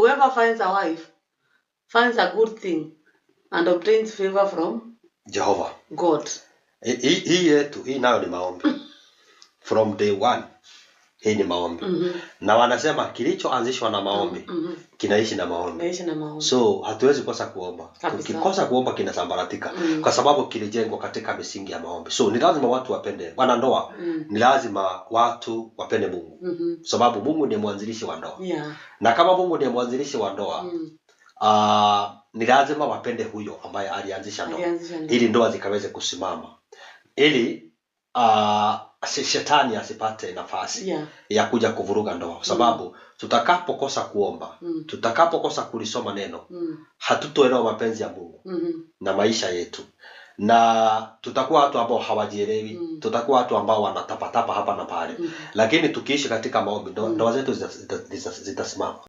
whoever finds a wife finds a good thing and obtains favor from jehovah God. Hii yetu hii nayo ni maombi from day one hii ni maombi. Mm -hmm. Na wanasema kilichoanzishwa na maombi mm -hmm. kinaishi na maombi. So hatuwezi kosa kuomba. Kabisa. kuomba kinasambaratika mm -hmm. kwa sababu kilijengwa katika misingi ya maombi. So ni lazima watu wapende wanandoa. Mm -hmm. Ni lazima watu wapende Mungu. Mm -hmm. Sababu Mungu ndiye mwanzilishi wa ndoa. Yeah. Na kama Mungu ndiye mwanzilishi wa ndoa mm -hmm. Uh, ni lazima wapende huyo ambaye alianzisha ndoa ili ndoa zikaweze kusimama ili uh, shetani asipate nafasi yeah. ya kuja kuvuruga ndoa kwa sababu mm. tutakapokosa kuomba mm. tutakapokosa kulisoma neno mm. hatutoelewa mapenzi ya Mungu mm-hmm. na maisha yetu na tutakuwa watu ambao hawajielewi mm. tutakuwa watu ambao wanatapatapa hapa na pale mm. lakini tukiishi katika maombi mm. ndoa mm. zetu zitasimama zita, zita, zita